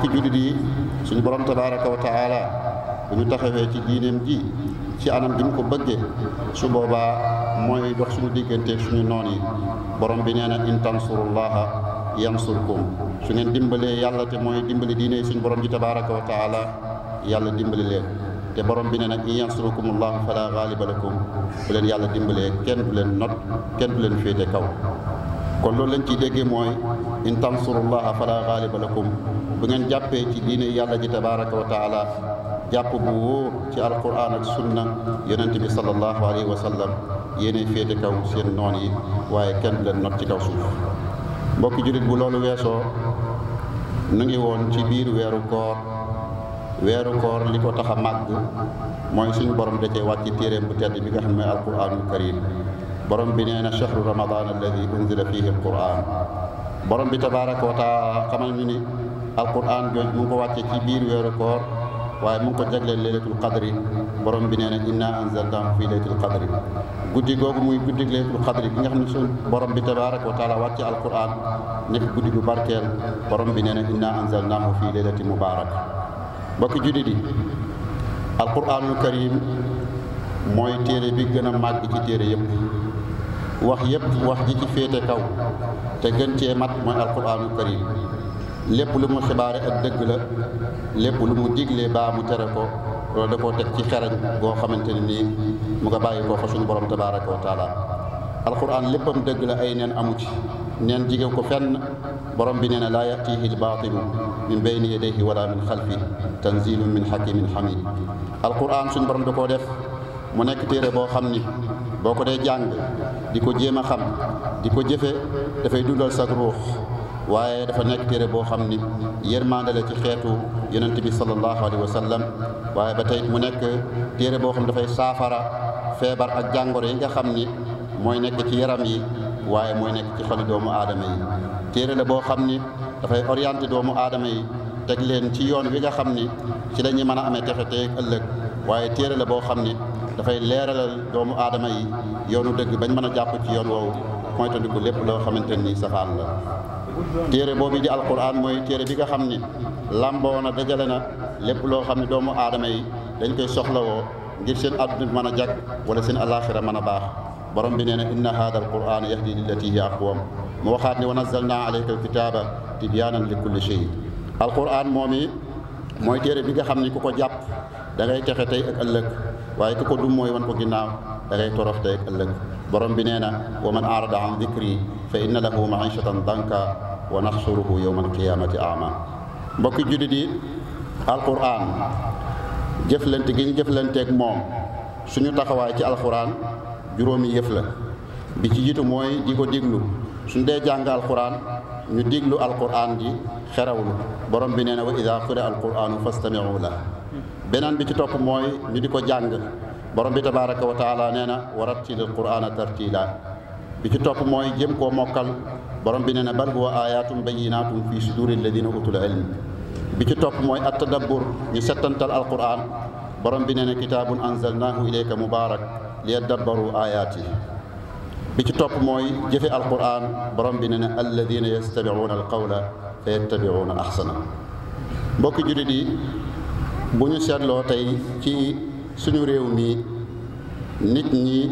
mbokki jullit yi suñu borom tabaraka wa taala bu ñu taxawee ci diineem ji ci anam gi ko bëggee su boobaa mooy dox suñu diggante suñu noon yi borom bi nee na in tansurullaha yansurkum su ngeen dimbalee yàlla te mooy dimbali diine suñu borom ji tabaraka wa taala yàlla dimbali leen te borom bi ne nag in yansurukum allahu fala ghaliba lakum bu leen yàlla dimbalee kenn du leen kenn leen féete kaw kon loolu lañ ciy déggee mooy in tansurullaha fala ghaliba lakum bu ngeen jàppee ci diine yàlla ji tabaraka wa taala jàpp bu wóor ci alquran ak sunna yonente bi sallallahu alayhi wa sallam yéenay féete seen noon yi waaye kenn leen not ci kaw suuf mbokki jullit bu loolu weesoo nu ngi woon ci biir weeru koor weeru koor li ko tax a màgg mooy suñ borom da cee wàcc téeréem bu tedd bi nga xam ne alquranul karim borom bi nee na chahru ramadan alladi unzila fihi alquran borom bi tabaraka wa taala xamal ñu alquran jooju mu ngi ko wàccee ci biir weeru koor waaye mu ngi ko jagleel laylatul qadri borom bi nee na inna anzalnahu fi laylatul qadri guddi googu muy guddi laylatul qadri bi nga xam ne su borom bi tabaraka wa taala wàcce alquran nekk guddi gu barkeel borom bi nee na inna anzalnahu fi laylati mubarak mbokki jullit yi alquranul karim mooy téere bi gën a màgg ci téere yépp wax yépp wax ji ci féete kaw te gën cee mat mooy alquranul karim lépp lu mu xibaare ak dëgg la lépp lu mu diglee baa mu tere ko loolu da koo teg ci xerañ boo xamante ne nii mu nga bàyyi koo fa suñu borom tabaraka wa taala alquran léppam dëgg la ay neen amu ci neen jigéen ko fenn borom bi nee na laa yatihi lbaatilu min bayni yadayhi wala min xalfi tanzilu min hakimin hamid alquran suñ borom da koo def mu nekk téere boo xam ni boo ko dee jàng di ko jéem a xam di ko jëfe dafay dundal sa ruux waaye dafa nekk téere boo xam ni yërmande la ci xeetu yonent bi sallallahu alayhi wa sallam waaye ba tey mu nekk téere boo xam dafay saafara feebar ak jàngoro yi nga xam ni mooy nekk ci yaram yi waaye mooy nekk ci xoli doomu aadama yi téere la boo xam ni dafay orienté doomu aadama yi teg leen ci yoon wi nga xam ni ci lañuy ñuy mën a amee texe tey ëllëg waaye téere la boo xam ni dafay leeralal doomu aadama yi yoonu dëgg bañ mën a jàpp ci yoon woowu moytandiku lépp loo xamante ni safaan la téere boobu di alquran mooy téere bi nga xam ni làmboo na dajale na lépp loo xam ne doomu aadama yi dañ koy soxlawoo ngir seen adduna mën a jag wala seen alaxira man a baax borom bi nee na inna hada alquran yahdi lillati hi aqwam mu waxaat ni wa nazalna alayka alkitaba tibyanan li kulli shay alquran moom i mooy téere bi nga xam ni ku ko jàpp da ngay texe tey ak ëllëg waaye ku ko dum mooy wan ko ginnaaw da ngay torox tey ak ëllëg borom bi nee na wa man arada an dicri fa inna lahu maishatan danka wa naxsuruhu yowmal qiyaamati ama mbokki jullit yi alquran jëflante gi ñu jëflanteeg moom suñu taxawaay ci alquran juróomi yëf la bi ci jiitu mooy di ko diglu suñ dee jàng alquran ñu diglu alquran di xerewlu borom bi nee na wa ida quri alquranu fastamiu la beneen bi ci topp mooy ñu di ko jàng borom bi tabaraka wa taala nee na wa rattilil qurana tartila bi ci topp mooy jëm koo mokkal borom bi nee na bal huwa ayatum bayinatum fi suduri alladina utul ilm bi ci topp mooy at tadabbur ñu settantal alquran borom bi nee na kitaabun anzalnahu ilayka mubarak liyadabbaru ayaati bi ci topp mooy jëfe alquran borom bi nee na alladina yastabiuuna alqawla fa yattabiuuna ahsana mbokki jullit yi bu ñu seetloo tey ci suñu réew mi nit ñi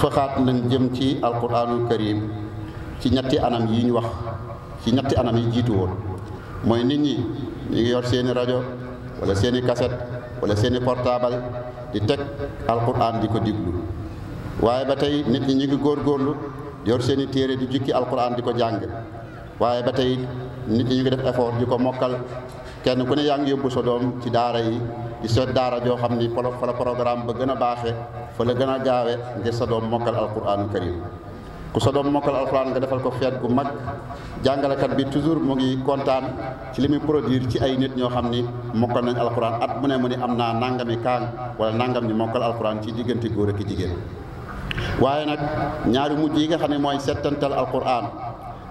faxaat nañ jëm ci alquranul karim ci ñetti anam yi ñu wax ci ñetti anam yi jiitu woon mooy nit ñi ñu ngi yor seeni rajo wala seeni kaset wala seeni portaabal di teg alquran di ko diglu waaye ba tey nit ñi ñu ngi góorgóorlu yor seeni téere di jukki alquran di ko jàng waaye ba tey nit ñi ñu ngi def effort di ko mokkal kenn ku ne yaa ngi yóbbu sa ci daara yi di seet daara joo xam ni fa la programme ba gën a baaxe fa la gën a gaawe ngir sa doom mokkal alquran karim ku sa doom mokkal alxuraan nga defal ko feet gu mag jàngalekat bi toujours mu ngi kontaan ci li muy produire ci ay nit ñoo xam ni mokkal nañ alxuraan at mu ne mu ni am naa nangami kaang wala nangam ni mokkal alxuraan ci diggante góor ak jigéen waaye nag ñaari mujj yi nga xam ne mooy settantal alxuraan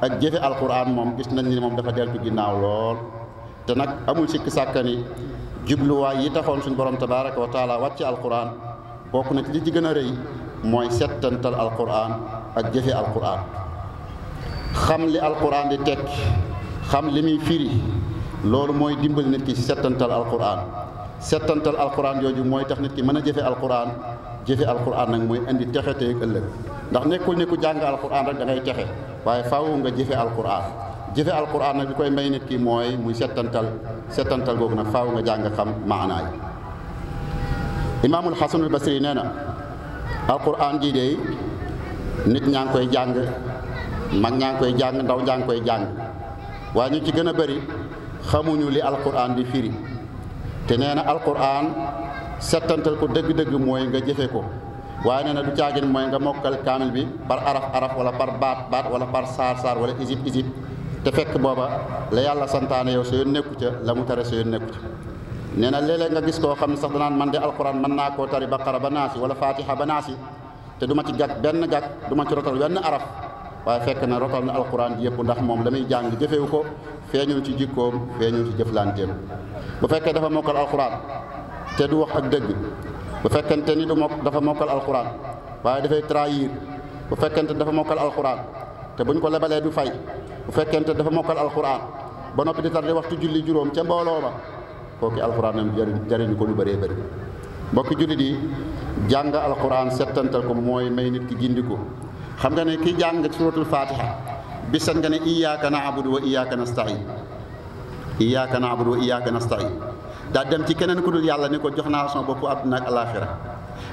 ak jëfe alxuraan moom gis nañ ni moom dafa deltu ginnaaw lool te nag amul sikki sàkka ni jubluwaay yi taxoon suñ borom tabaraka wa taalaa wàcc alxuraan bokk na ci li ci gën a rëy mooy settantal alquran ak jëfe alquran xam li alquran di tekki xam li muy firi loolu mooy dimbali nit ki ci settantal alquran settantal alquran yooyu mooy tax nit ki mën a jëfe alquran jëfe alquran nag mooy indi texe tey ëllëg ndax nekkul ne ku jàng alquran rek da ngay texe waaye faaw nga jëfe alquran jëfe alquran nag li koy may nit ki mooy muy settantal settantal googu nag faaw nga jàng xam maanaay imaamul xasanul basri nee na alquran jii de nit ñaa ngi koy jàng mag ñaa koy jàng ndaw ñaa koy jàng waaye ñu ci gën a bëri xamuñu li alquran di firi te nee na alquran settantal ko dégg dëgg mooy nga jëfe ko waaye nee na du caagin mooy nga mokkal kaamil bi par araf araf wala par baat baat wala par saar saar wala isib isib te fekk booba la yàlla santaane yow sa yoon nekku ca la mu tere sa yoon nekku ca nee na léeg-léeg nga gis koo xam ne sax naan man de alquran man naa koo tari baqara ba naasi wala fatiha ba naasi te du ma ci gàkk benn gàkk du ma ci rotal wenn araf waaye fekk na rotal na alquran ji yëpp ndax moom la jàng jëfewu ko feeñul ci jikkoom feeñul ci jëflanteem bu fekkee dafa mokkal alquran te du wax ak dëgg bu fekkente ni du mokk dafa mokkal alquran waaye dafay trahir bu fekkente dafa mokkal alquran te buñ ko lebalee du fay bu fekkente dafa mokkal alquran ba noppi di tar di waxtu julli juróom ca mbooloo kooku alxuraanam jariñu ko lu bëree bëri mbokki jullit yi jàng alxuraan settantal ko mooy may nit ki gindiku xam nga ne ki jàng suratul fatiha bisan nga ne iyyaka na'budu wa iyyaka nasta'in iyyaka na'budu wa iyyaka nasta'in daa dem ci keneen ku dul yàlla ni ko jox naa sama bopp àdduna ak alaaxira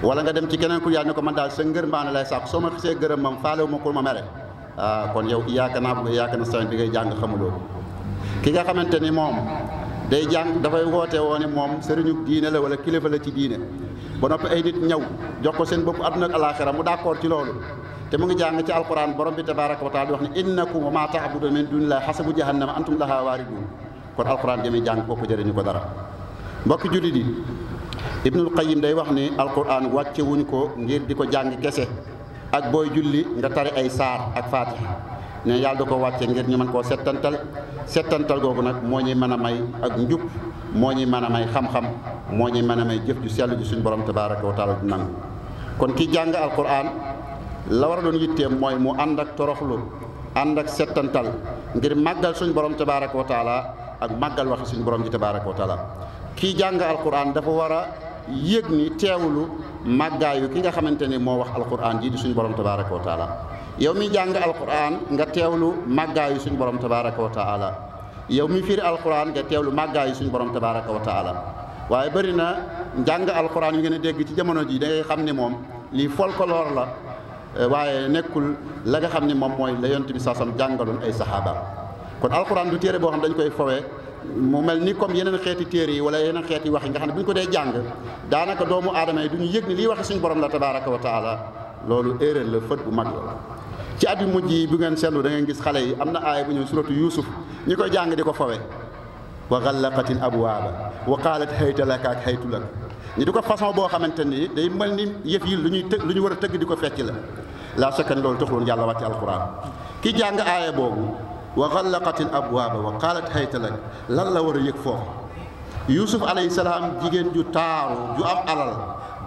wala nga dem ci keneen ku dul yàlla ni ko man daal sa ngër mbaane lay sàkk soo ma xisee gërëm ma faalewu ma ko ma mere ah, kon yow iyyaka na'budu wa na nasta'in bi ngay jàng xamuloo ki nga xamante ni moom day jàng dafay woote woone moom sëriñu diine la wala kilifa la ci diine ba noppi ay nit ñaw jox ko seen bopp àdduna ak alaaxira mu d'accord ci loolu te mu ngi jàng ci alquran borom bi tabaraka wa taala di wax ne innakum wa ma ta'budu min dunillahi hasabu jahannama antum laha waaridun kon alquran jëmee jàng kooku jëriñu ko dara mbokki jullit yi ibnul qayyim day wax ni alquran wàcce wuñ ko ngir di ko jàng kese ak booy julli nga tari ay saar ak fatiha ne yàlla da ko wàcce ngir ñu mën koo settantal settantal googu nag moo ñuy mën a may ak njub moo ñuy mën a may xam-xam moo ñuy mën a may jëf ju sell ju suñu borom tabaraka wa taala du nangu kon kii jàng alquran la war a doon yitteem mooy mu ànd ak toroxlu ànd ak settantal ngir màggal suñu borom tabaraka wa taala ak màggal waxi suñu borom ju tabaraka wa taala kii jàng alquran dafa war yëg ni teewlu màggaayu ki nga xamante ni moo wax alquran ji di suñu borom tabaraka wa taala yow mi jàng alquran nga teewlu màggaayu suñu borom tabaraka wa taala yow mi fiir alquran nga teewlu màggaayu suñu borom tabaraka wa taala waaye bari na njàng alquran yu ngeen a dégg ci jamono ji da ngay xam ne moom lii folklore la eh, waaye nekkul la nga xam ni moom mooy la yonent bi saasam jàngaloon ay saxaabaam kon alquran du téere boo xam dañ koy fowee mu mel ni comme yeneen xeeti téere yi wala yeneen xeeti wax yi nga xam ne bu ñu ko dee jàng daanaka doomu aadama yi du ñu yëg ni liy waxe suñu borom la tabaraka wa taala loolu erreur la fët bu mag la ci at yu mujj yi bu ngeen seetlu da ngeen gis xale yi am na aaya bu ñëw suratu yuusuf ñi koy jàng di ko fawe wa xallaqatil abwaaba wa qaalat hayta laka ak haytu lak ñi di ko façon boo xamante ni day mel ni yëf yi lu ñuy të lu ñu war a tëgg di ko fecc la laa sekkan loolu taxuloon yàlla wàcce alquran ki jàng aaya boobu wa xallaqatil abwaaba wa qaalat hayta lak lan la war a yëg foofu yusuf alayhi salaam jigéen ju taaru ju am alal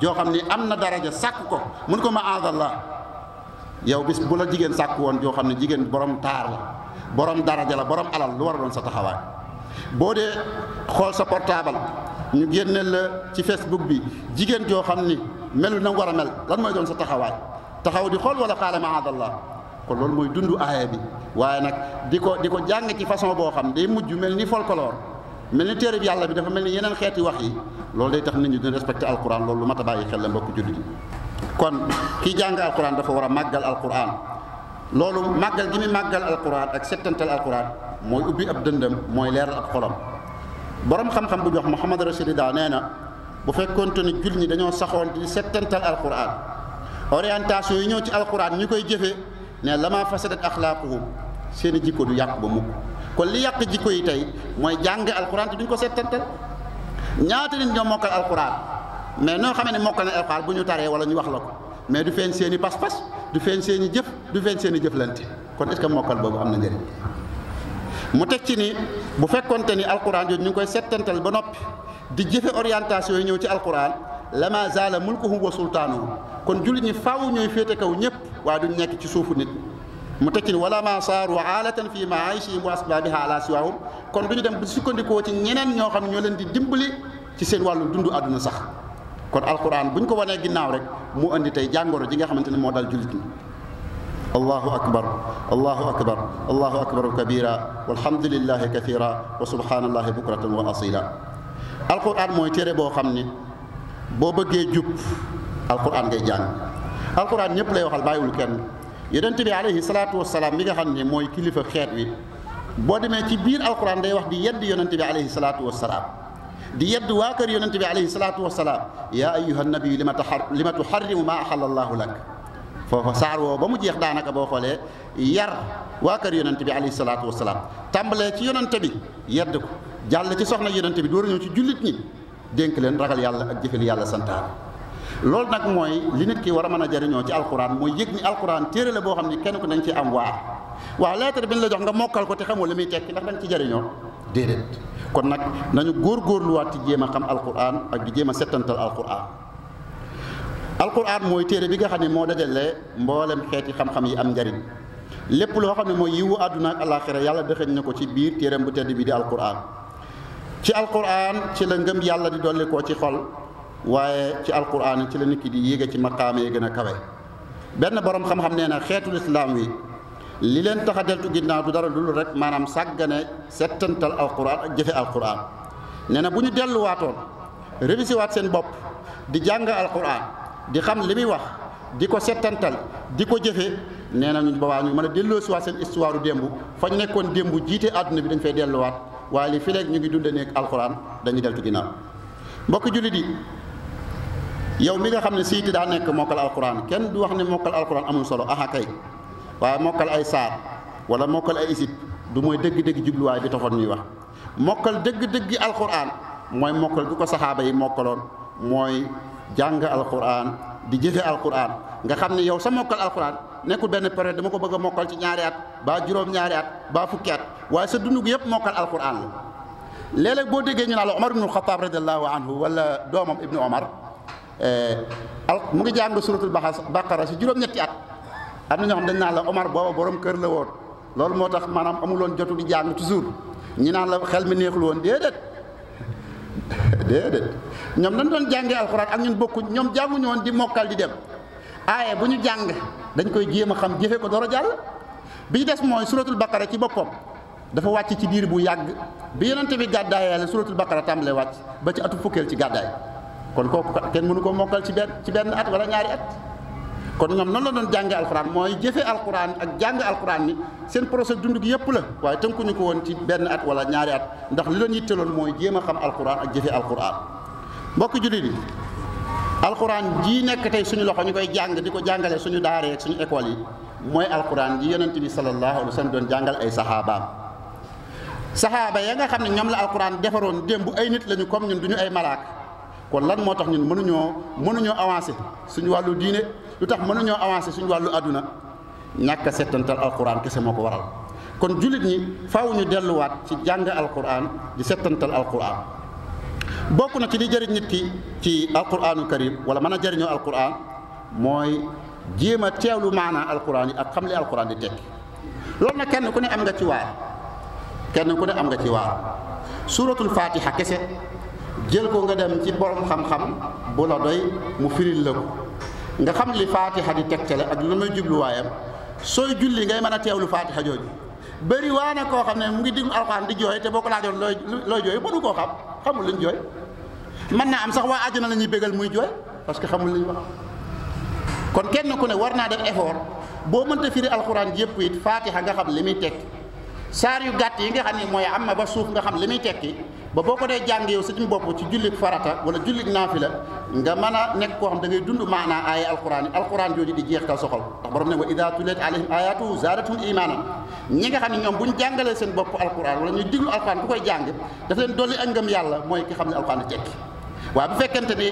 joo xam ni am na daraja sàkk ko mun ko ma aadallah yow bis bu la jigéen sàkk woon joo xam ne jigéen borom taar la borom daraja la borom alal lu war a doon sa taxawaay boo dee xool sa portable ñu génne la ci facebook bi jigéen joo xam ni melu na war a mel lan mooy doon sa taxawaay taxaw di xool wala xaala ma aadallah kon loolu mooy dundu aaya bi waaye nag di ko di ko jàng ci façon boo xam day mujj mel ni folklore mel ni téere bi yàlla bi dafa mel ni yeneen xeeti wax yi loolu day tax nit ñi duñ respecté alquran loolu lu mat a bàyyi xel la mbokk jullit yi kon kii jàng alquran dafa war a màggal alquran loolu màggal gi muy màggal alquran ak settantal alquran mooy ubbi ab dëndam mooy leeral ab xolam boroom xam-xam bu jox Mouhamad Rachidida nee na bu fekkoonte ne jullit ñi dañoo saxoon di settantal alquran orientation yi ñëw ci alquran ñi koy jëfee. ne lama fasadat axlaaquhum seeni jikko du yàq ba mukk kon li yàq jikko yi tey mooy jàng alquran te duñ ko settantal ñaata nit ñoo mokkal alquran mais noo xamee ne mokkal na alquran bu ñu taree wala ñu wax la ko mais du feeñ seeni pas-pas du feeñ seeni jëf du feeñ seeni jëflante kon est ce que mokkal boobu am na njëriñ mu teg ci ni bu fekkonte ni alquran yooyu ñu ngi koy settantal ba noppi di jëfe orientation yi ñëw ci alquran. lama zaala mulkuhu wa sultaanuhu kon jullit ñi faaw ñooy féete kaw ñëpp waaye duñ nekk ci suufu nit mu teccil wala ma saaru aalatan fii maaishihim wa asbaabiha ala siwaahum kon du ñu dem bu sukkandikoo ci ñeneen ñoo xam ne ñoo leen di dimbali ci seen wàllu dundu àdduna sax kon alquran bu ñu ko wanee ginnaaw rek mu indi tey jàngoro ji nga xamante ne moo dal jullit ñi allahu akbar allahu akbar allahu akbar kabira walhamdulillahi kathira wa subhanallahi bukratan wa asila alquran mooy téere boo xam ne boo bëggee jub alquran ngay jàng alquran ñëpp lay waxal bàyyiwul kenn yonent bi alayhi salaatu wasalaam mi nga xam ne mooy kilifa xeet wi boo demee ci biir alquran day wax di yedd yonent bi alayhi salaatu wasalaam di yedd waa kër yonent bi alayhi salaatu wasalaam yaa ayyuha nabiyu lima taxar lima tuxarrimu maa axallallaahu lak foofa saar woo ba mu jeex daanaka boo xoolee yar waa kër yonent bi alayhi salaatu wasalaam tàmbalee ci yonent bi yedd ko ci soxna yonent bi door ñëw ci jullit ñi dénk leen ragal yàlla ak jëfe yàlla santaane loolu nag mooy li nit ki war a mën a jariñoo ci alquran mooy yëg ni alquran téere la boo xam ni kenn ku dañ ci am waar waaw lettre la jox nga mokkal ko te xamoo li muy tekki ndax dañ ci jariñoo déedéet kon nag nañu góorgóorluwaat ci jéem a xam alquran ak di jéem a settantal alquran alquran mooy téere bi nga xam ne moo dajale mboolem xeeti xam-xam yi am njariñ lépp loo xam ne mooy yiwu àdduna ak àllaaxira yàlla dëxëñ na ko ci biir téeram bu tedd bi di alquran ci alquran ci la ngëm yàlla di dolli koo ci xol waaye ci alquran ci la nit ki di yéege ci maqaama yi gën a kawe benn borom xam-xam nee na xeetu islaam wi li leen taxa a deltu ginnaaw du dara dul rek maanaam sàggane settantal alquran ak jëfe alquran nee na bu ñu delluwaatoon révisé waat seen bopp di jàng alquran di xam li muy wax di ko settantal di ko jëfe nee na ñu boobaa ñu mën a delloosiwaat seen histoire démb fañ nekkoon démb jiite àdduna bi dañ fay delluwaat waaye li fileeg ñu ngi dundee nekk alxuraan dañuy deltu ginnaaw mbokk jullit di yow mi nga xam ne siiti daa nekk mokkal alxuraan kenn du wax ne mokkal alxuraan amul solo aha kay waaye mokkal ay saar wala mokkal ay isit du mooy dëgg-dëgg jubluwaay bi taxoon ñuy wax mokkal dëgg-dëgg alxuraan mooy mokkal bu ko saxaaba yi mokkaloon mooy jàng alxuraan di jëfe alxuraan nga xam ne yow sa mokkal alxuraan nekkul benn période dama ko bëgg mokkal ci ñaari at ba juróom ñaari at ba waaye sa dund gi yëpp mokkal alquran la léeg boo déggee ñu naa la omar ibnu xataab radiallahu anhu wala doomam ibnu omar eh, ngi jàng suratul baqara si juróom at am na ñoo xam dañ naan la omar booba boroom kër la woon loolu moo tax maanaam amuloon jotu di jàng toujours ñi naan la xel mi neexul woon déedéet déedéet ñoom dañ doon jàngee alxuraan ak ñu bokku ñoom jànguñu woon di mokkal di dem aaye bu ñu jàng dañ koy jéem a xam jëfe ko door a jàll bi ñu des mooy suratul baqara ci boppam dafa wàcc ci diir bu yàgg bi yonente bi gàddaay yàlla suratul baqara tàmbalee wàcc ba ci atu fukkeel ci gàddaay kon kooku kenn mënu ko mokkal ci benn ci benn at wala ñaari at kon ñoom noonu la doon jànge alquran mooy jëfe alquran ak jàng alquran ni seen procès dund gi yëpp la waaye tënkuñu ko woon ci benn at wala ñaari at ndax li leen yitteloon mooy jéem a xam alquran ak jëfe alquran mbokk jullit bi alquran jii nekk tey suñu loxo ñu koy jàng di ko jàngalee suñu daaree ak école yi mooy alquran ji yonente bi sallallahu alayhi wa sallam doon jàngal ay sahabaam saxaaba ya nga xam ne ñoom la alquran defaroon démb ay nit lañu comme ñun du ñu ay malaak kon lan moo tax ñun mënuñoo mënuñoo avancé suñu wàllu diine lu tax mënuñoo avancé suñu wàllu àdduna ñàkk a settantal alquran kese moo ko waral kon jullit ñi faw ñu delluwaat ci jàng alquran di settantal alquran bokk na ci li jëriñ nit ki ci alquranu karim wala mën a jëriñoo alquran mooy jéem a teewlu maanaa alquran yi ak xam li alquran di tekki loolu nag kenn ku ne am ci waar kenn ku ne am nga ci waar suuratul faatiha kese jël ko nga dem ci borom xam-xam bu la doy mu firil la ko nga xam li faatiha di tegtale ak lu muy jubluwaayam sooy julli ngay mën a teewlu faatiha jooju bëri waa na koo xam ne mu ngi diggu alxuraan di jooy te boo ko laajoon looy looy jooy mënu koo xam xamul luñ jooy mën naa am sax waa àjjana la ñuy bégal muy jooy parce que xamul luñ wax kon kenn ku ne war naa def effort boo mënta firi alxuraan yëpp it faatiha nga xam li muy teg saar yu gàtt yi nga xam ne mooy amma ba suuf nga xam li muy tekki ba boo ko dee jàng yow sa ci bopp ci jullit farata wala jullit naafila nga mën a nekk koo xam da ngay dund maanaa aaya alquran yi alquran jooju di jeextal soxol ndax borom ne wa ida tuliyat alayhim ayatuhu zaadatum imaanan ñi xam ne ñoom bu ñu jàngalee seen bopp alquran wala ñuy diglu alquran ku koy jàng daf leen dolli ak ngëm yàlla mooy ki xam ne alquran di tekki waaw bu fekkente ni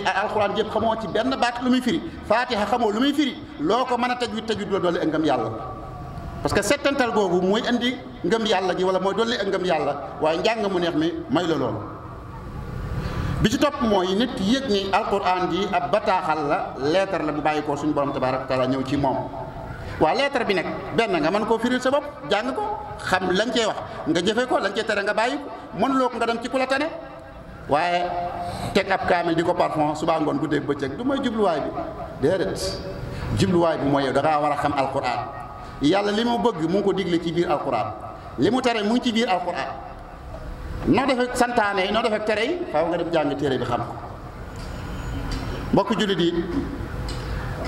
loo ko mën a tajwid tajwid la dolli ak ngëm yàlla ngëm yàlla gi wala mooy dolli ak ngëm yàlla waaye njàng mu neex mi may la loolu bi ci topp mooy nit yëg ni alquran ji ab bataaxal la leetar la bu bàyyi ko suñu borom tabaaraka wa taala ñëw ci moom waa leetar bi nag benn nga mën koo firil sa bopp jàng ko xam lañ cee wax nga jëfe ko lañ cee tere nga bàyyi ko mën loo ko nga dem ci ku la tane waaye teg ab kaamil di ko parfum subaa ngoon guddeeg bëccëg du mooy jubluwaay bi déedéet jubluwaay bi mooy yow da war a xam alquran yàlla li mu bëgg mu ko digle ci biir alquran li mu tere mu ngi ci biir alquran noo defee santaane yi noo defee tere yi faaw nga dem jàng téere bi xam ko mbokk jullit yi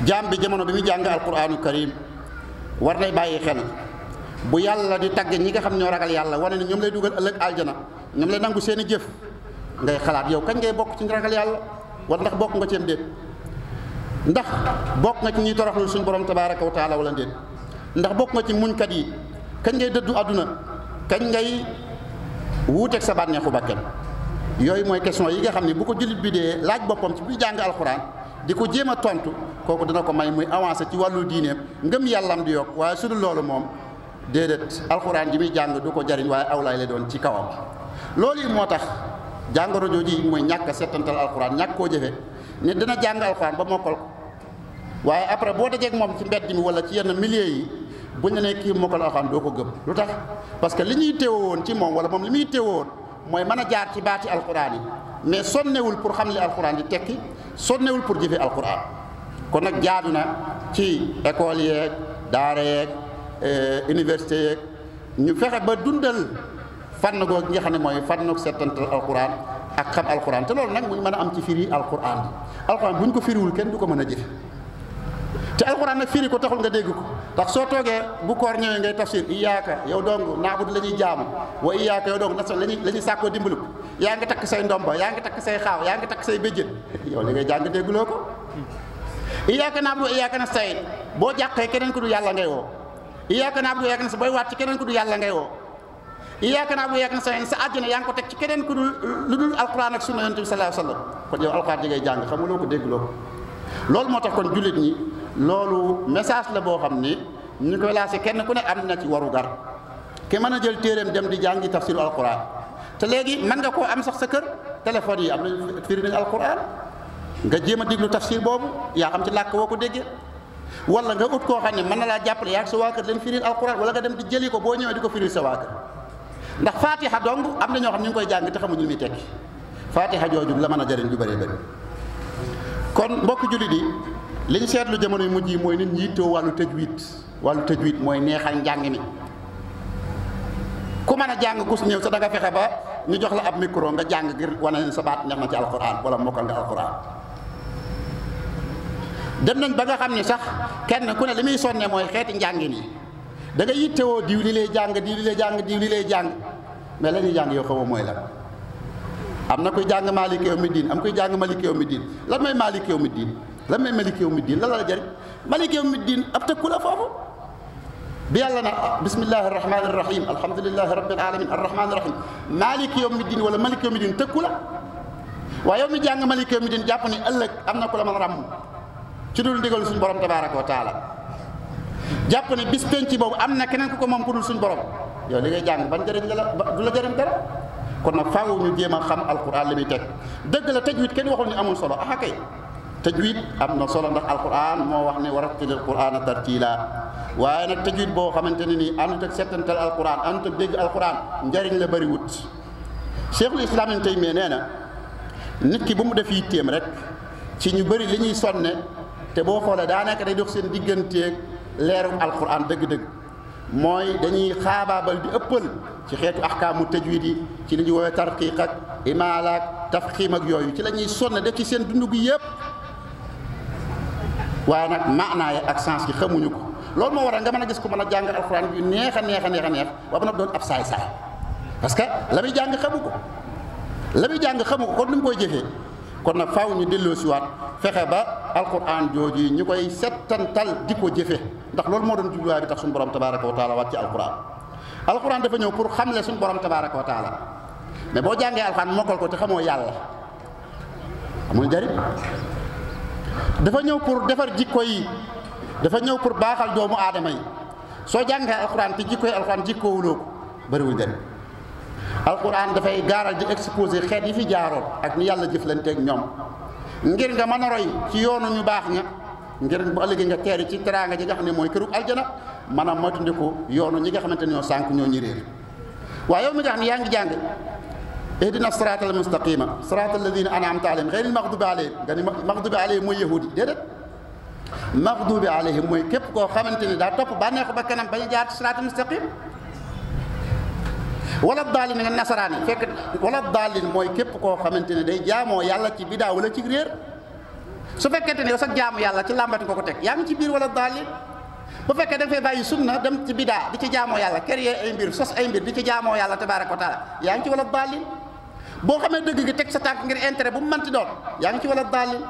jaam bi jamono bi muy jàng alquranu karim war nay bàyyi xel bu yàlla di tagg ñi nga xam ñoo ragal yàlla wane ne ñoom lay dugal ëllëg aljana ñoom lay nangu seen jëf ngay xalaat yow kañ ngay bokk ci ñu ragal yàlla war ndax bokk nga ci déet ndax bokk nga ci ñuy toroxlu suñu borom tabaraka wa taala wala déet ndax bokk nga ci muñkat yi kañ ngay dëddu àdduna kañ ngay wuuteeg sa bànneexu bakkan yooyu mooy question yi nga xam ne bu ko jullit bi dee laaj boppam ci buy jàng alxuraan di ko jéem a tontu kooku dana ko may muy avancé ci wàllu diineem ngëm yàllam di yokk waaye su dul loolu moom déedéet alxuraan ji muy jàng du ko jariñ waaye awlaay la doon ci kawam loolu yi moo tax jàngoro jooju mooy ñàkk a settantal alxuraan ñàkk koo jëfe ne dana jàng alxuraan ba mokkal ko waaye après boo dajee moom ci mbedd mi wala ci yenn milieu yi bu ñu nee kii mokkal alxuraan doo ko gëm lu tax parce que li ñuy teewoo woon ci moom wala moom li muy teewoo woon mooy mën a jaar ci baati alxuraan yi mais sonnewul pour xam li alxuraan di tekki sonnewul pour jëfe alxuraan kon nag jaar na ci école yeeg daara yeeg euh, université yeeg ñu fexe ba dundal fànn goo gi nga xam ne mooy fànn settantal alxuraan ak xam alxuraan te loolu nag muy mën a am ci firi alxuraan bi alxuraan bu ñu ko firiwul kenn du ko mën a jëfe te alxuraan nag firi ko taxul nga dégg ko ndax soo toogee bu koor ñëwee ngay tafsir iyaaka yow dong naabud la ñuy jaamu wa iyaaka yow dong nas la ñuy la ñuy sàkkoo dimbaluk yaa ngi takk say ndomba yaa ngi takk say xaaw yaa ngi takk say béjjën yow li ngay jàng dégguloo ko iyaaka naabud wa iyaaka nasta'iin boo jàqee keneen ku du yàlla ngay woo iyaaka naabud wa iyaaka nasta'iin booy waat ci keneen ku du yàlla ngay woo iyaaka naabud wa iyaaka nasta'iin sa àjjana yaa ngi ko teg ci keneen ku dul lu dul alxuraan ak sunna yonent bi sallallahu alayhi wa sallam kon yow alxuraan ji ngay jàng xamuloo ko dégguloo ko loolu moo tax kon jullit ñi loolu message la boo xam ni ñu koy lancé kenn ku ne am na ci warugar ki mën a jël téeréem dem di jàngi tafsiru alquran te léegi man nga koo am sax sa kër téléphone yi am nañu firi nañu alquran nga jéem a diglu tafsir boobu yaa xam ci làkk woo ko déggee wala nga ut koo xam ne mën na laa jàppale yaa sa waa kër leen firil alquran wala nga dem di jëli ko boo ñëwee ko firil sa waa kër ndax fatiha dong am na ñoo xam ñu ngi koy jàng te xamuñu muy tekki fatiha jooju la mën a jëriñ lu bëri bëri kon mbokk jullit yi li seetlu jamono yu mujj yi mooy nit ñi yittoo wàllu tajwid wàllu tajwid mooy neexal njàng mi ku mën a jàng kus ñëw sa da nga fexe ba ñu jox la ab micro nga jàng ngir wane sa baat neex na ci alquran wala mokkal nga alquran dem nañ ba nga xam ni sax kenn ku ne li muy sonne mooy xeeti njàngin yi da nga yittewoo diw li lay jàng diw li lay jàng diw li lay jàng mais la ñuy jàng yoo xamoo mooy la am na kuy jàng Maalik yawmi diin am kuy jàng Maalik yawmi diin lan mooy Maalik yawmi lan may malik yow mi diin lan la jariñ malik yow mi diin ab tëkku la foofu bi yàlla na bismillahi rahmani rahim alhamdulilahi rabbil alamin arrahmani rahim malik yow mi diin wala malik yow mi diin tëkku la waaye yow mi jàng malik yow mi diin jàpp ni ëllëg am na ku la mën ràmm ci dul ndigal suñu borom tabaraka wa taala jàpp ne bis penc boobu am na keneen ku ko moom ku dul suñu borom yow li ngay jàng ban jëriñ la la du la jëriñ dara kon nag faaw ñu jéem a xam alquran li muy teg dëgg kenn waxul ni amul solo ah tajwid am na solo ndax alquran moo wax ne warattilil qurana tartila waaye nag tajwid boo xamante ne nii àndut ak settantal alquran àndut dégg alquran njariñ la bëri wut cheikhul islam ibn taymiya nee na nit ki ba mu def yitteem rek ci ñu bëri li ñuy sonne te boo xoolee daanaka day dox seen digganteeg leeru alquran dëgg-dëgg mooy dañuy xaabaabal di ëppal ci xeetu ahkaamu tajwid yi ci li ñuy woowee tarqiq ak imaal ak yooyu ci la ñuy def ci seen dund yëpp waaye nag maanaa ya ak sens gi xamuñu ko loolu moo waral nga mën a gis ku mën a jàng alxuraan a neex a a neex ba mën parce que la muy jàng xamu ko la muy jàng xamu ko kon ni koy jëfee kon nag faaw ñu delloosiwaat fexe ba alxuraan jooju yi ñu koy settantal di ko jëfe ndax loolu moo doon jubluwaay bi tax borom tabaaraka wa taala wàcc ci alxuraan alxuraan dafa ñëw pour xamle suñu borom tabaaraka wa taala mais boo jàngee alxuraan mokkal ko te xamoo yàlla amul njariñ dafa ñëw pour defar jikko yi dafa ñëw pour baaxal doomu aadama yi soo jàngee alxuraan te jikko yi alxuraan jikkoowuloo ko bëriwul den alxuraan dafay gaaral di exposé xeet yi fi jaaroon ak ni yàlla jëflanteeg ñoom ngir nga mën a roy ci yoonu ñu baax ña ngir bu ëllëgee nga teeri ci teraanga ji nga xam ne mooy këru aljana maanaam moytandiku yoonu ñi nga xamante ne ñoo sànq ñoo ñi réer waaye yow mi nga xam ne yaa ngi jàng ihdina siraat al mustaqima siraat alladina an'amta alayhim xeyril maxdubi alayhim nga ni maxdubi alayhim mooy yahudi déedéet maxdubi alayhim mooy képp koo xamante ni daa topp bànneexu ba kanam bañu jaar siraat al mustaqim wala daalin nga nasaraan yi fekk wala daalin mooy képp koo xamante ne day jaamoo yàlla ci bidaa wala ci réer su fekkente ne yow sax jaamu yàlla ci làmbati nga ko teg yaa ngi ci biir wala daalin bu fekkee da nga fay bàyyi sunna dem ci bidaa di ci jaamoo yàlla kër yee ay mbir sos ay mbir di ci jaamoo yàlla tabaaraka wa taala yaa ngi ci wala daalin boo xamee dëgg gi teg sa tànk ngir intérêt bu mu manti doon yaa ngi ci wala daalil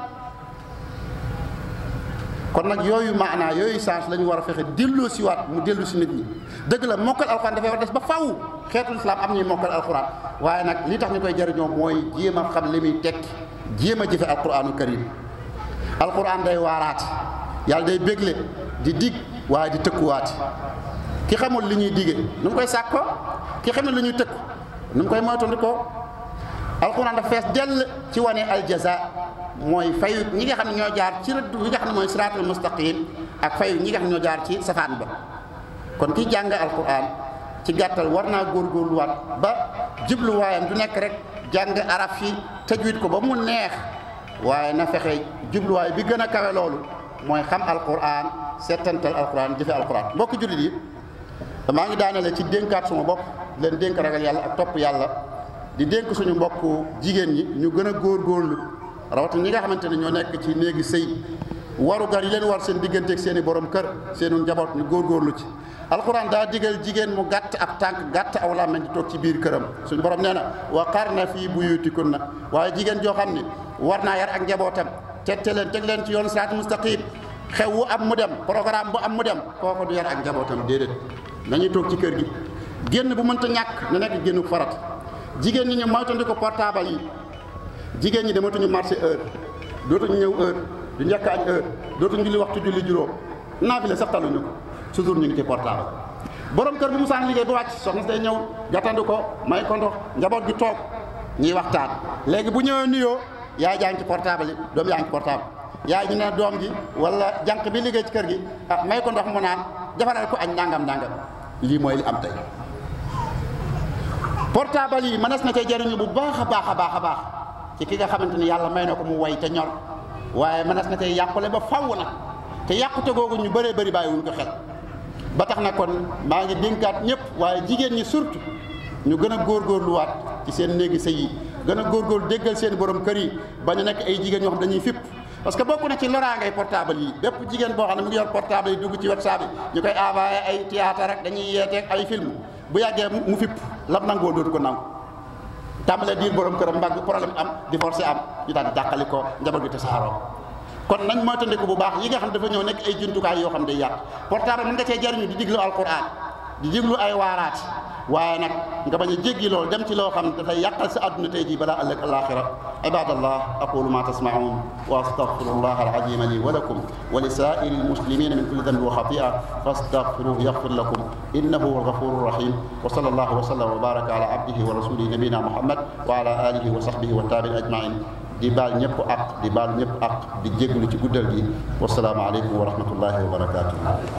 kon nag yooyu maanaa yooyu sens lañuy war a fexe dellu si waat mu dellu si nit ñi dëgg la mokkal alxuraan dafay war des ba faw xeetul islam am ni mokkal alxuraan waaye nag li tax ñu koy jariñoo mooy jéem a xam li muy tekki jéem a jëfe alxuraanu karim alxuraan day waaraat yàlla day bégle di dig waaye di tëkkuwaat ki xamul li ñuy digee nu mu koy sàkko ki xamul li ñuy tëkk nu mu koy moytandikoo alxuraan da fees dell ci wane al mooy fayu ñi nga xam ne ñoo jaar ci rëdd bi nga xam ne mooy siraatul mustaqim ak fayu ñi nga xam ne ñoo jaar ci safaan ba kon ki jàng al alxuraan ci gàttal war naa góor góorgóorluwaat ba jubluwaayam du nekk rek jàng araf yi tajwid ko ba mu neex waaye na fexe jubluwaay bi gën a kawe loolu mooy xam alquran settantal alquran jëfe alquran mbokki jullit yi maa ngi daanale ci dénkaat suma bopp leen dénk ragal yàlla ak topp yàlla di dénk suñu mbokku jigéen ñi ñu gën a góorgóorlu rawat ñi nga xamante ne ñoo nekk ci néegi sëy warugar yi leen war seen diggante seeni borom kër seenu njaboot ñu góorgóorlu ci alxuraan daa digal jigéen mu gàtt ab tànk gàtt aw làmmiñ di toog ci biir këram suñu borom nee na wa qarna fii buyutikunna waaye jigéen joo xam ne war naa yar ak njabootam tette leen teg leen ci yoonu siraat mustaqim xew wu am mu dem programme bu am mu dem kooku du yar ak njabootam déedéet nañuy toog ci kër gi génn bu mënta ñàkk na nekk génnu farat jigéen ñi ñu moytandi ko portable yi jigéen ñi dematuñu marché heure dootuñu ñëw heure du njëkk añ heure dootuñu julli waxtu julli juróom naafile sax taluñu ko toujours ñu ngi ci portable borom kër bu mu saan liggéey bu wàcc soxna si day ñëw gàttandu ko may ko ndox njaboot gi toog ñuy waxtaan léegi bu ñëwee nuyoo yaay jaa ngi ci portable yi doom yaa ngi ci portable yaay ñu ne doom ji wala jànq bi liggéey ci kër gi ah may ko ndox mu naan defaral ko añ nangam nangam lii mooy li am portable yi mënees na cee jariñu bu baax a baax a baax a baax ci ki nga xamante ni yàlla may na ko mu way te ñor waaye mënees na cee yàqule ba fàww na te yàqute googu ñu bëree bari bàyyi wuñ ko xel ba tax na kon maa ngi dénkaat ñëpp waaye jigéen ñi surtout ñu gën a góorgóorluwaat ci seen néegi sa yi gën góor góor déggal seen borom kër yi ba ñu nekk ay jigéen ñoo xam dañuy fipp parce que bokk na ci loraangay portable yi bépp jigéen boo xam ne mu ngi yor portable yi dugg ci website bi ñu koy ay théâtre rek dañuy yeeteeg ay bu yàggee mu fipp lam nangoo dootu ko nangu tàmbalee diir borom këram mbagg problème am divorcé am ñu daal di dàqali ko njaboot bi te saxaroo kon nañ moytandiku bu baax yi nga xam dafa ñëw nekk ay jumtukaay yoo xam day yàq portable mën nga cee jariñu di diglu alquran di diglu ay waaraat waaye nag nga bañ a jéggi loolu dem ci loo xam dafay yàqal sa àdduna tey jii balaa ëllëg alaaxira ibadallah aqulu ma tasmaun wa astaghfirullah alazima li wa lakum wa li saa'iri almuslimina min kulli dambin wa xatia fa astaghfiruhu yaxfir lakum innahu huwa alghafuru rahim wa sallallahu wa sallam wa baraka ala abdihi wa rasulihi nabina muhammad wa ala alihi wa sahbihi wa taabiin ajmain di baal ñëpp ak di baal ñëpp ak di jégalu ci guddal gi wasalaamu aleykum wa rahmatullahi wa barakatuh